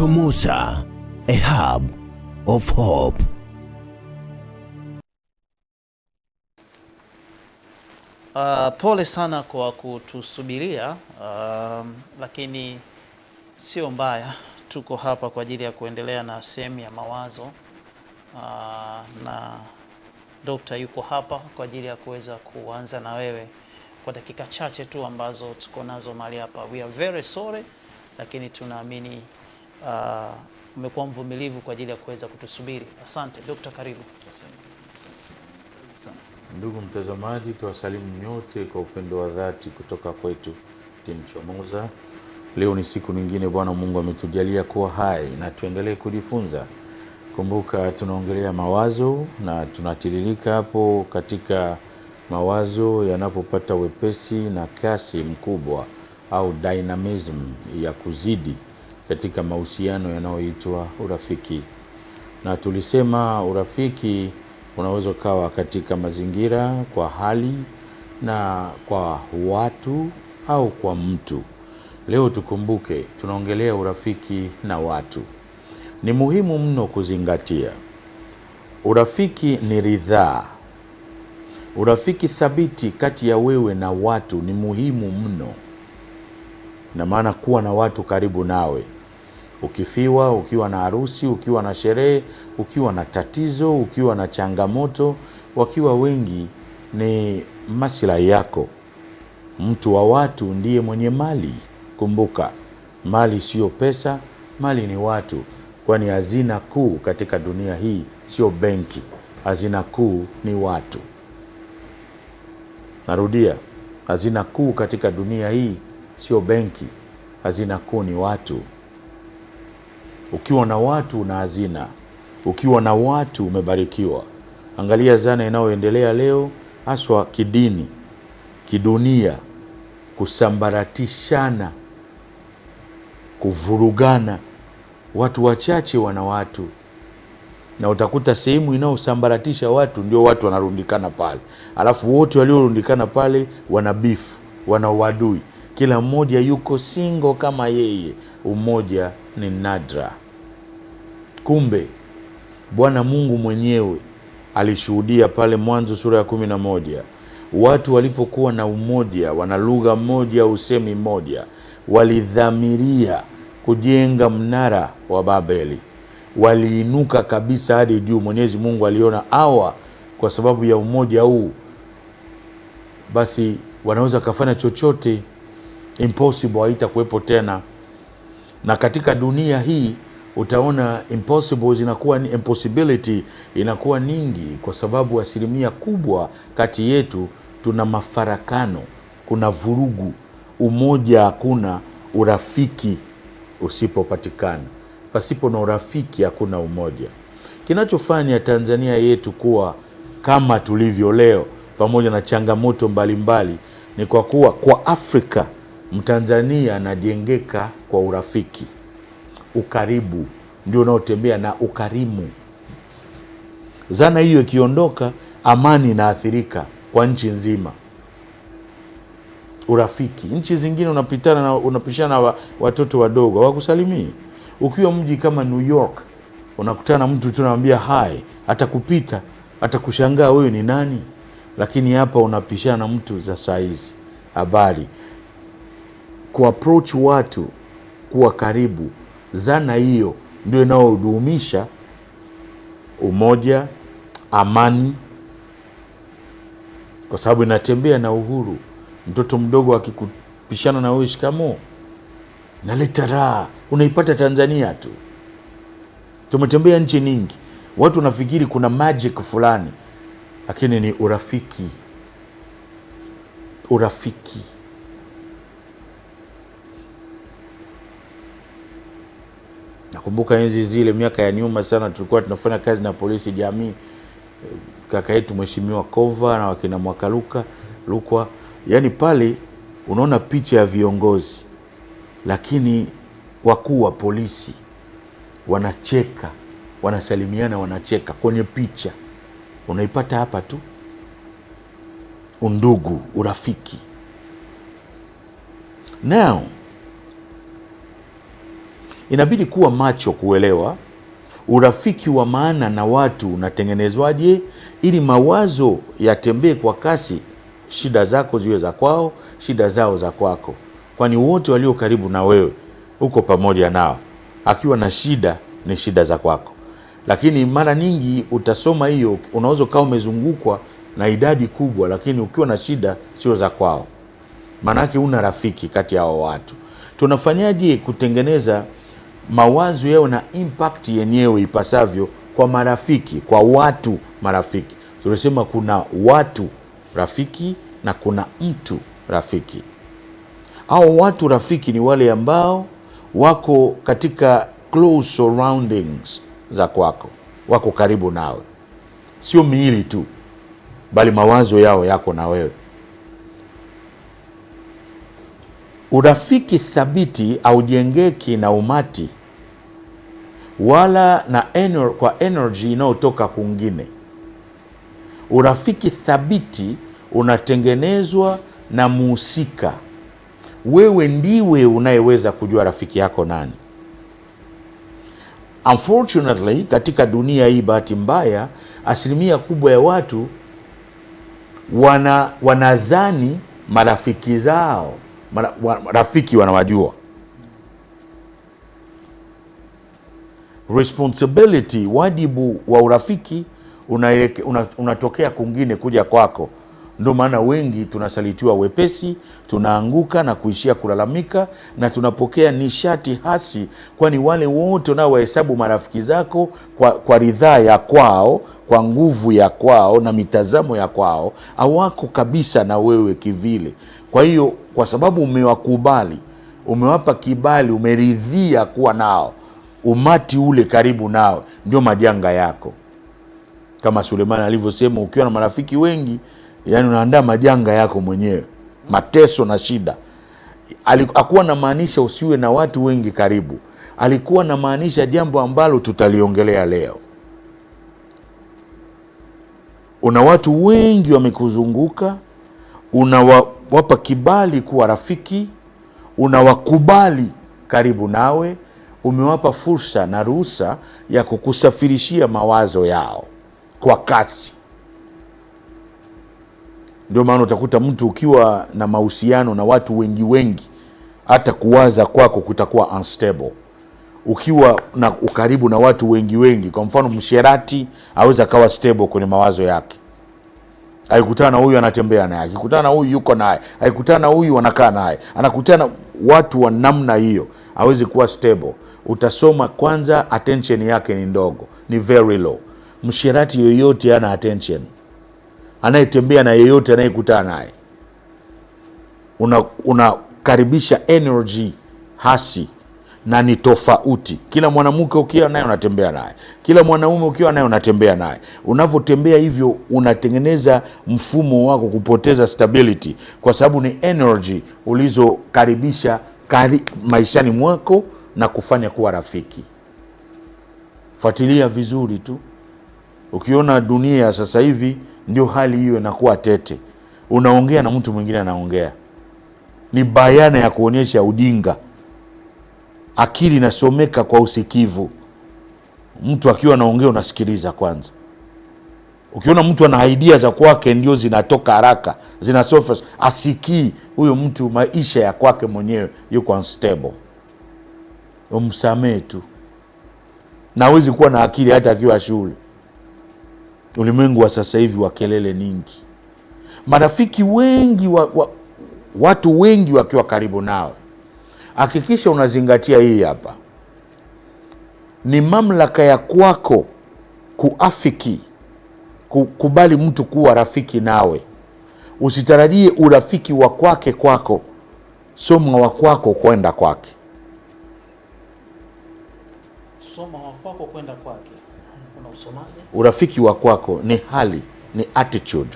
Chomoza, a hub of hope. Uh, pole sana kwa kutusubiria uh, lakini sio mbaya. Tuko hapa kwa ajili ya kuendelea na sehemu ya mawazo uh, na dokta yuko hapa kwa ajili ya kuweza kuanza na wewe kwa dakika chache tu ambazo tuko nazo mahali hapa. We are very sorry, lakini tunaamini Ah, umekuwa mvumilivu kwa ajili ya kuweza kutusubiri. Asante Dokta, karibu. Ndugu mtazamaji, tuwasalimu nyote kwa upendo wa dhati kutoka kwetu Timchomoza. Leo ni siku nyingine Bwana Mungu ametujalia kuwa hai na tuendelee kujifunza. Kumbuka tunaongelea mawazo na tunatiririka hapo katika mawazo yanapopata wepesi na kasi mkubwa au dynamism ya kuzidi katika mahusiano yanayoitwa urafiki. Na tulisema urafiki unaweza ukawa katika mazingira, kwa hali na kwa watu au kwa mtu. Leo tukumbuke, tunaongelea urafiki na watu. Ni muhimu mno kuzingatia urafiki ni ridhaa. Urafiki thabiti kati ya wewe na watu ni muhimu mno, na maana kuwa na watu karibu nawe. Ukifiwa, ukiwa na harusi, ukiwa na sherehe, ukiwa na tatizo, ukiwa na changamoto, wakiwa wengi ni maslahi yako. Mtu wa watu ndiye mwenye mali. Kumbuka, mali siyo pesa, mali ni watu, kwani hazina kuu katika dunia hii sio benki. Hazina kuu ni watu. Narudia, hazina kuu katika dunia hii sio benki, hazina kuu ni watu. Ukiwa na watu una hazina, ukiwa na watu umebarikiwa. Angalia zana inayoendelea leo, haswa kidini, kidunia, kusambaratishana, kuvurugana. Watu wachache wana watu, na utakuta sehemu inayosambaratisha watu ndio watu wanarundikana pale, alafu wote waliorundikana pale wana bifu, wana uadui kila mmoja yuko singo kama yeye, umoja ni nadra. Kumbe Bwana Mungu mwenyewe alishuhudia pale Mwanzo sura ya kumi na moja watu walipokuwa na umoja, wana lugha moja, usemi mmoja, walidhamiria kujenga mnara wa Babeli. Waliinuka kabisa hadi juu. Mwenyezi Mungu aliona awa kwa sababu ya umoja huu, basi wanaweza wakafanya chochote impossible haitakuwepo tena, na katika dunia hii utaona impossible zinakuwa ni impossibility inakuwa nyingi, kwa sababu asilimia kubwa kati yetu tuna mafarakano, kuna vurugu, umoja hakuna, urafiki usipopatikana. Pasipo na urafiki hakuna umoja. Kinachofanya Tanzania yetu kuwa kama tulivyo leo, pamoja na changamoto mbalimbali mbali, ni kwa kuwa kwa Afrika Mtanzania anajengeka kwa urafiki, ukaribu ndio unaotembea na ukarimu. Zana hiyo ikiondoka, amani inaathirika kwa nchi nzima. Urafiki, nchi zingine unapitana na unapishana wa, watoto wadogo hawakusalimii. Ukiwa mji kama New York unakutana mtu tu namwambia hai, atakupita atakushangaa wewe ni nani, lakini hapa unapishana mtu za saizi habari kuapproach watu kuwa karibu. Zana hiyo ndio inayodumisha umoja, amani, kwa sababu inatembea na uhuru. Mtoto mdogo akikupishana na wewe shikamoo, naleta raha, unaipata Tanzania tu. Tumetembea nchi nyingi, watu wanafikiri kuna magic fulani, lakini ni urafiki, urafiki. Nakumbuka enzi zile miaka ya nyuma sana, tulikuwa tunafanya kazi na polisi jamii, kaka yetu mheshimiwa Kova na wakina Mwakaluka Lukwa, yani pale unaona picha ya viongozi, lakini wakuu wa polisi wanacheka, wanasalimiana, wanacheka kwenye picha. Unaipata hapa tu, undugu, urafiki now inabidi kuwa macho kuelewa urafiki wa maana na watu unatengenezwaje, ili mawazo yatembee kwa kasi, shida zako ziwe za kwao, shida zao za kwako, kwani wote walio karibu na wewe huko pamoja nao. Akiwa na shida ni shida za kwako, lakini mara nyingi utasoma hiyo, unaweza ukawa umezungukwa na idadi kubwa, lakini ukiwa na shida sio za kwao, maanaake una rafiki kati ya hao watu. Tunafanyaje kutengeneza mawazo yao na impact yenyewe ipasavyo kwa marafiki, kwa watu marafiki. Tunasema kuna watu rafiki na kuna mtu rafiki. au watu rafiki ni wale ambao wako katika close surroundings za kwako, wako karibu nawe, sio miili tu, bali mawazo yao yako na wewe. Urafiki thabiti haujengeki na umati wala na ener, kwa energy inayotoka kwingine. Urafiki thabiti unatengenezwa na muhusika. Wewe ndiwe unayeweza kujua rafiki yako nani. Unfortunately, katika dunia hii, bahati mbaya, asilimia kubwa ya watu wana, wanazani marafiki zao rafiki wanawajua. Responsibility, wajibu wa urafiki unatokea una, una kungine kuja kwako. Ndio maana wengi tunasalitiwa wepesi, tunaanguka na kuishia kulalamika na tunapokea nishati hasi, kwani wale wote wahesabu marafiki zako kwa, kwa ridhaa ya kwao, kwa nguvu ya kwao na mitazamo ya kwao, hawako kabisa na wewe kivile. Kwa hiyo kwa sababu umewakubali, umewapa kibali, umeridhia kuwa nao umati ule karibu nao, ndio majanga yako, kama Sulemani alivyosema, ukiwa na marafiki wengi, yani unaandaa majanga yako mwenyewe, mateso na shida. na namaanisha usiwe na watu wengi karibu, alikuwa namaanisha jambo ambalo tutaliongelea leo. Una watu wengi wamekuzunguka unawapa kibali kuwa rafiki, unawakubali karibu nawe, umewapa fursa na ruhusa ya kukusafirishia mawazo yao kwa kasi. Ndio maana utakuta mtu ukiwa na mahusiano na watu wengi wengi, hata kuwaza kwako kutakuwa unstable. Ukiwa na ukaribu na watu wengi wengi, kwa mfano msherati aweza akawa stable kwenye mawazo yake aikutana huyu anatembea naye, akikutana huyu yuko naye, aikutana huyu anakaa naye, anakutana watu wa namna hiyo, awezi kuwa stable. Utasoma kwanza, attention yake ni ndogo, ni very low. Msherati yoyote ana attention, anayetembea na yeyote anayekutana naye, unakaribisha una energy hasi na ni tofauti. Kila mwanamke ukiwa naye unatembea naye, kila mwanaume ukiwa naye unatembea naye. Unavyotembea hivyo, unatengeneza mfumo wako kupoteza stability, kwa sababu ni energy ulizokaribisha kari, maishani mwako na kufanya kuwa rafiki. Fuatilia vizuri tu, ukiona dunia ya sasa hivi ndio hali hiyo inakuwa tete, unaongea na mtu mwingine anaongea, ni bayana ya kuonyesha ujinga akili inasomeka kwa usikivu. Mtu akiwa anaongea unasikiliza kwanza. Ukiona mtu ana idea za kwake ndio zinatoka haraka, zina surface, asikii huyo mtu, maisha ya kwake mwenyewe yuko unstable. Umsamee tu, na hawezi kuwa na akili hata akiwa shule. Ulimwengu wa sasa hivi wa kelele nyingi, marafiki wengi wa, wa, watu wengi wakiwa karibu nawe hakikisha unazingatia hii hapa, ni mamlaka ya kwako kuafiki kukubali mtu kuwa rafiki nawe. Usitarajie urafiki wa kwake kwako, soma wa kwako kwenda kwake. Soma wa kwako kwenda kwake. Urafiki wa kwako ni hali, ni attitude.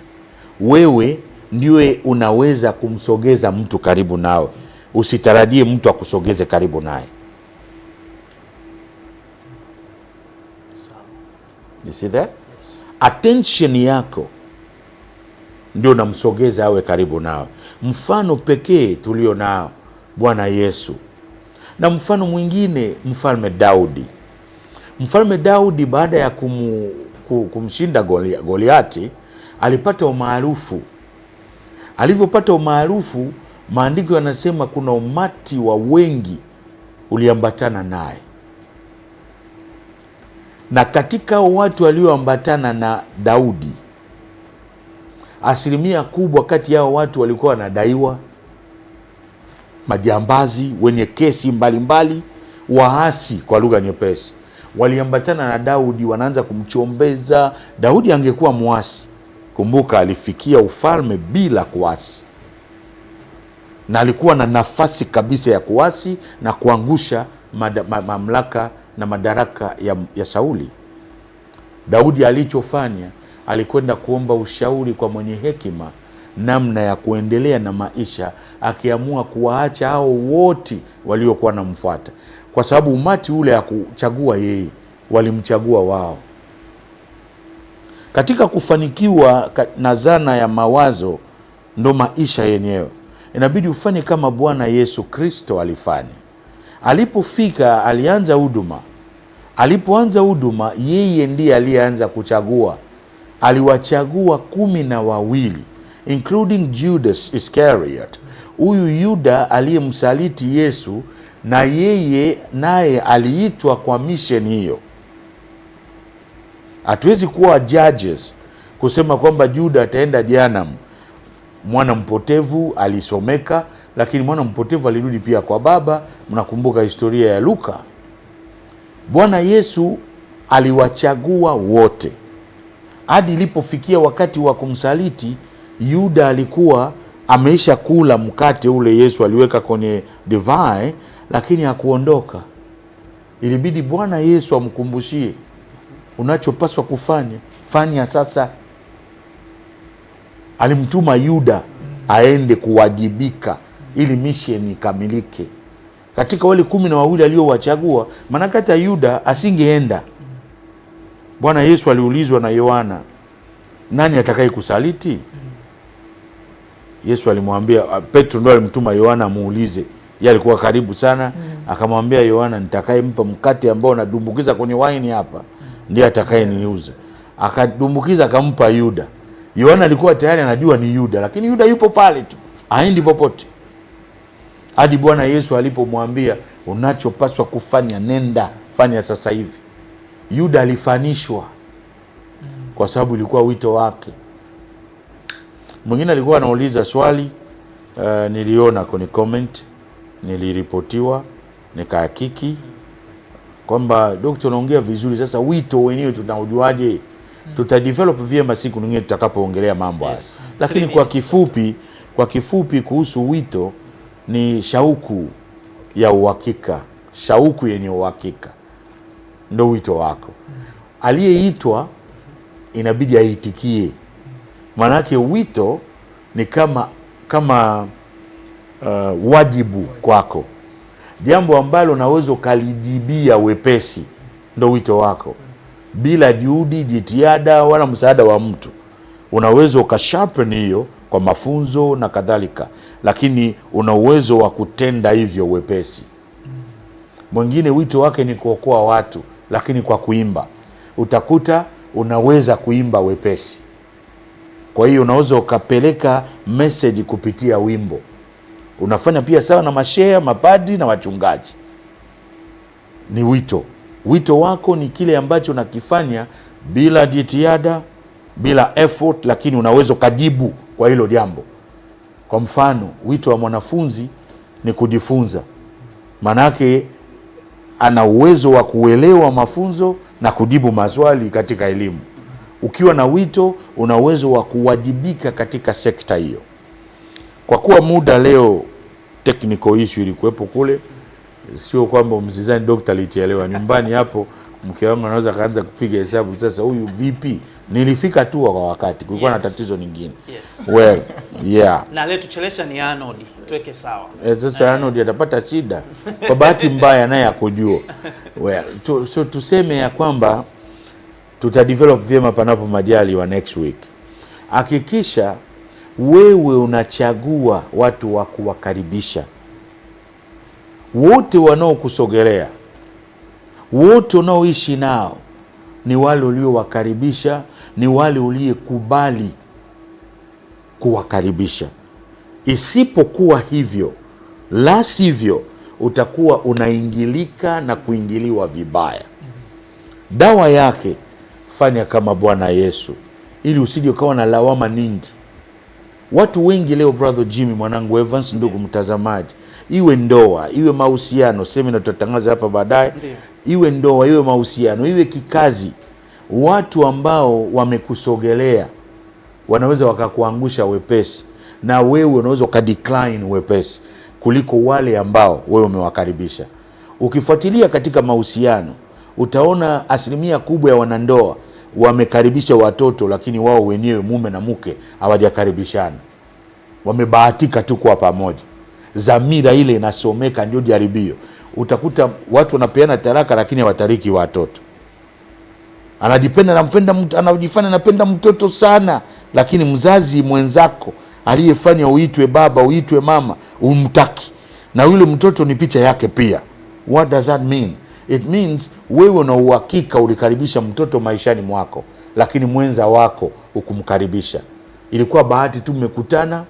Wewe ndiwe unaweza kumsogeza mtu karibu nawe usitarajie mtu akusogeze karibu naye. You see that? Attention yako ndio namsogeza awe karibu nawe. Mfano pekee tulio nao Bwana Yesu, na mfano mwingine mfalme Daudi. Mfalme Daudi baada ya kumu, kumshinda Goliati alipata umaarufu. Alivyopata umaarufu maandiko yanasema kuna umati wa wengi uliambatana naye, na katika watu walioambatana na Daudi asilimia kubwa kati yao watu walikuwa wanadaiwa, majambazi, wenye kesi mbalimbali mbali, waasi kwa lugha nyepesi waliambatana na Daudi, wanaanza kumchombeza Daudi. Angekuwa mwasi, kumbuka alifikia ufalme bila kuasi na alikuwa na nafasi kabisa ya kuasi na kuangusha mada, ma, mamlaka na madaraka ya, ya Sauli. Daudi alichofanya alikwenda kuomba ushauri kwa mwenye hekima namna ya kuendelea na maisha, akiamua kuwaacha hao wote waliokuwa namfuata, kwa sababu umati ule hakuchagua yeye, walimchagua wao. Katika kufanikiwa na zana ya mawazo ndo maisha yenyewe inabidi ufanye kama Bwana Yesu Kristo alifanya. Alipofika alianza huduma. Alipoanza huduma, yeye ndiye aliyeanza kuchagua. Aliwachagua kumi na wawili, including Judas Iscariot, huyu Yuda aliyemsaliti Yesu, na yeye naye aliitwa kwa misheni hiyo. Hatuwezi kuwa judges kusema kwamba Juda ataenda jehanamu mwana mpotevu alisomeka, lakini mwana mpotevu alirudi pia kwa baba. Mnakumbuka historia ya Luka. Bwana Yesu aliwachagua wote hadi ilipofikia wakati wa kumsaliti Yuda. Alikuwa ameisha kula mkate ule Yesu aliweka kwenye divai, lakini hakuondoka. Ilibidi Bwana Yesu amkumbushie, unachopaswa kufanya fanya sasa alimtuma Yuda aende kuwajibika ili misheni ikamilike katika wale kumi na wawili aliowachagua, maanake hata Yuda asingeenda. Bwana Yesu aliulizwa na Yohana, nani atakaye kusaliti? Yesu alimwambia Petro, ndo alimtuma Yohana amuulize, ye alikuwa karibu sana. Akamwambia Yohana, nitakayempa mkate ambao nadumbukiza kwenye waini hapa ndiye niuza. Akadumbukiza akampa Yuda. Yohana alikuwa tayari anajua ni Yuda, lakini Yuda yupo pale tu, aendi popote, hadi Bwana Yesu alipomwambia unachopaswa kufanya, nenda fanya sasa hivi. Yuda alifanishwa kwa sababu ilikuwa wito wake. Mwingine alikuwa anauliza swali uh, niliona kwenye comment, niliripotiwa nikahakiki kwamba dokta, unaongea vizuri. Sasa wito wenyewe tunaujuaje? tutadevelop vyema siku nyingine tutakapoongelea mambo hayo yes. Lakini kwa kifupi, kwa kifupi kuhusu wito ni shauku ya uhakika, shauku yenye uhakika ndo wito wako. Aliyeitwa inabidi aitikie, maanake wito ni kama kama uh, wajibu kwako, jambo ambalo unaweza ukalijibia wepesi, ndo wito wako bila juhudi, jitihada wala msaada wa mtu. Unaweza ukasharpen hiyo kwa mafunzo na kadhalika, lakini una uwezo wa kutenda hivyo wepesi. Mwingine wito wake ni kuokoa watu, lakini kwa kuimba utakuta unaweza kuimba wepesi. Kwa hiyo unaweza ukapeleka meseji kupitia wimbo, unafanya pia sawa na masheha, mapadi na wachungaji. Ni wito Wito wako ni kile ambacho unakifanya bila jitihada, bila effort, lakini unaweza ukajibu kwa hilo jambo. Kwa mfano, wito wa mwanafunzi ni kujifunza, maanake ana uwezo wa kuelewa mafunzo na kujibu maswali katika elimu. Ukiwa na wito, una uwezo wa kuwajibika katika sekta hiyo. Kwa kuwa muda leo technical issue ilikuwepo kule sio kwamba mzizani dokta alichelewa nyumbani hapo mke wangu anaweza kaanza kupiga hesabu sasa, huyu vipi? Nilifika tu kwa wakati, kulikuwa yes. na tatizo nyingine yes. well, yeah. na leo tuchelesha ni Arnold, tuweke sawa e, sasa Arnold atapata shida kwa bahati mbaya naye akujua well, tu, so tuseme ya kwamba tutadevelop vyema panapo majali wa next week. Hakikisha wewe unachagua watu wa kuwakaribisha wote wanaokusogelea, wote wanaoishi nao ni wale uliowakaribisha, ni wale uliyekubali kuwakaribisha. Isipokuwa hivyo, la sivyo, utakuwa unaingilika na kuingiliwa vibaya. Dawa yake, fanya kama Bwana Yesu ili usije ukawa na lawama nyingi. Watu wengi leo, brother Jimmy, mwanangu Evans, ndugu mtazamaji iwe ndoa, iwe mahusiano, semina tutatangaza hapa baadaye, iwe ndoa, iwe mahusiano, iwe kikazi, watu ambao wamekusogelea wanaweza wakakuangusha wepesi, na wewe unaweza ukadecline wepesi kuliko wale ambao wewe umewakaribisha. Ukifuatilia katika mahusiano, utaona asilimia kubwa ya wanandoa wamekaribisha watoto, lakini wao wenyewe mume na mke hawajakaribishana, wamebahatika tu kuwa pamoja dhamira ile inasomeka, ndio jaribio. Utakuta watu wanapeana talaka, lakini hawatariki watoto. Anajipenda, anampenda, anajifanya anapenda mtoto sana, lakini mzazi mwenzako aliyefanya uitwe baba uitwe mama umtaki, na yule mtoto ni picha yake pia. What does that mean? It means wewe na uhakika ulikaribisha mtoto maishani mwako, lakini mwenza wako ukumkaribisha. Ilikuwa bahati tu mmekutana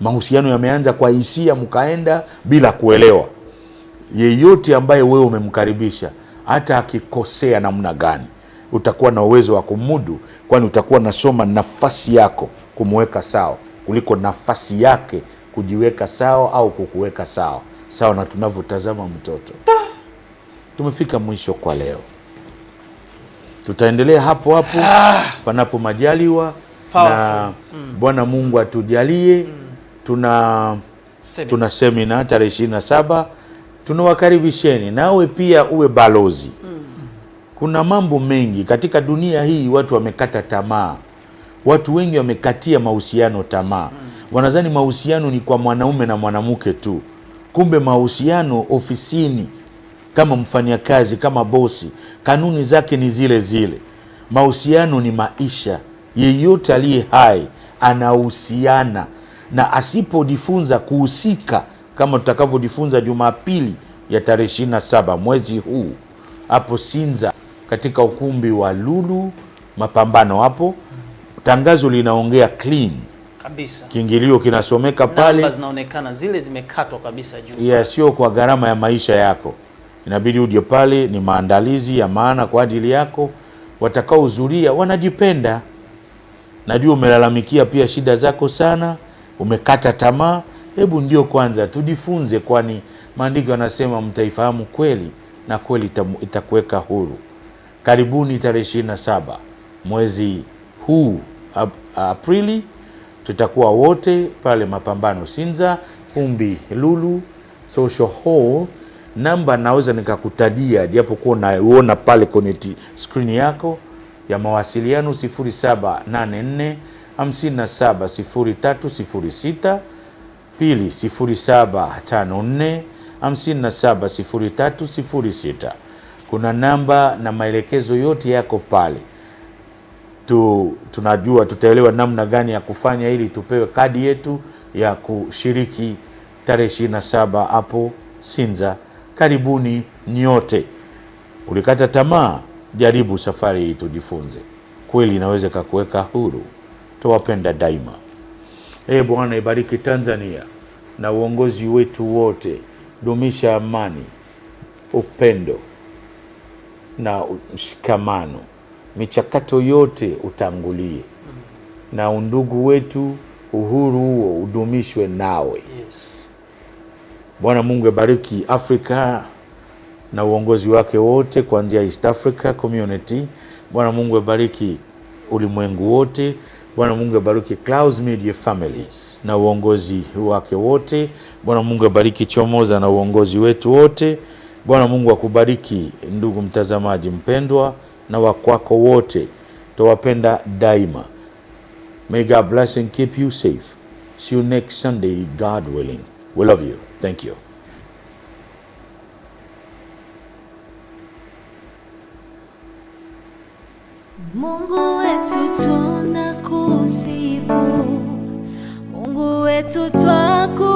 mahusiano yameanza kwa hisia, mkaenda bila kuelewa. Yeyote ambaye wewe umemkaribisha, hata akikosea namna gani, utakuwa na uwezo wa kumudu, kwani utakuwa nasoma nafasi yako kumweka sawa kuliko nafasi yake kujiweka sawa au kukuweka sawa. Sawa na tunavyotazama mtoto. Tumefika mwisho kwa leo, tutaendelea hapo hapo ah. panapo majaliwa na mm. Bwana Mungu atujalie mm tuna semina, tuna semina tarehe ishirini na saba. Tunawakaribisheni nawe pia uwe balozi mm. Kuna mambo mengi katika dunia hii, watu wamekata tamaa, watu wengi wamekatia mahusiano tamaa mm. Wanadhani mahusiano ni kwa mwanaume na mwanamke tu, kumbe mahusiano ofisini, kama mfanyakazi, kama bosi, kanuni zake ni zile zile. Mahusiano ni maisha, yeyote aliye hai anahusiana na asipojifunza kuhusika kama tutakavyojifunza Jumapili ya tarehe ishirini na saba mwezi huu hapo Sinza katika ukumbi wa Lulu Mapambano, hapo tangazo linaongea clean kabisa, kiingilio kinasomeka pale, zinaonekana zile zimekatwa kabisa juu ya sio kwa gharama ya maisha yako, inabidi uje pale. Ni maandalizi ya maana kwa ajili yako. Watakaohudhuria wanajipenda, najua umelalamikia pia shida zako sana umekata tamaa, hebu ndio kwanza tujifunze, kwani maandiko yanasema mtaifahamu kweli na kweli itakuweka huru. Karibuni tarehe ishirini na saba mwezi huu ap Aprili, tutakuwa wote pale Mapambano Sinza, kumbi Lulu Social Hall. Namba naweza nikakutajia japokuwa unaiona pale kwenye skrini yako ya mawasiliano nne 57 pili 0754 57 Kuna namba na maelekezo yote yako pale tu, tunajua tutaelewa namna gani ya kufanya ili tupewe kadi yetu ya kushiriki tarehe 27 hapo Sinza. Karibuni nyote. Ulikata tamaa? Jaribu safari hii, tujifunze. Kweli inaweza kakuweka huru tawapenda daima. Ee Bwana, ibariki Tanzania na uongozi wetu wote, dumisha amani, upendo na mshikamano, michakato yote utangulie na undugu wetu, uhuru huo udumishwe nawe. Yes. Bwana Mungu abariki Afrika na uongozi wake wote kuanzia East Africa Community. Bwana Mungu abariki ulimwengu wote. Bwana Mungu abariki Clouds Media Families na uongozi wake wote. Bwana Mungu abariki Chomoza na uongozi wetu wote. Bwana Mungu akubariki ndugu mtazamaji mpendwa na wakwako wote, tawapenda daima. May God bless and keep you safe. See you next Sunday, God willing. We love you. Thank you. Mungu wetu tunaku kusifu Mungu wetu twaku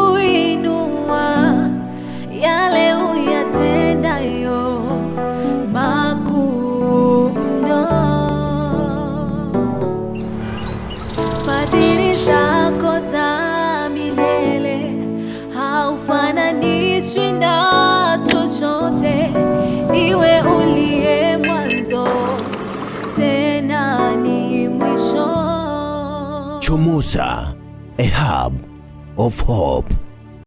Musa, a hub of hope.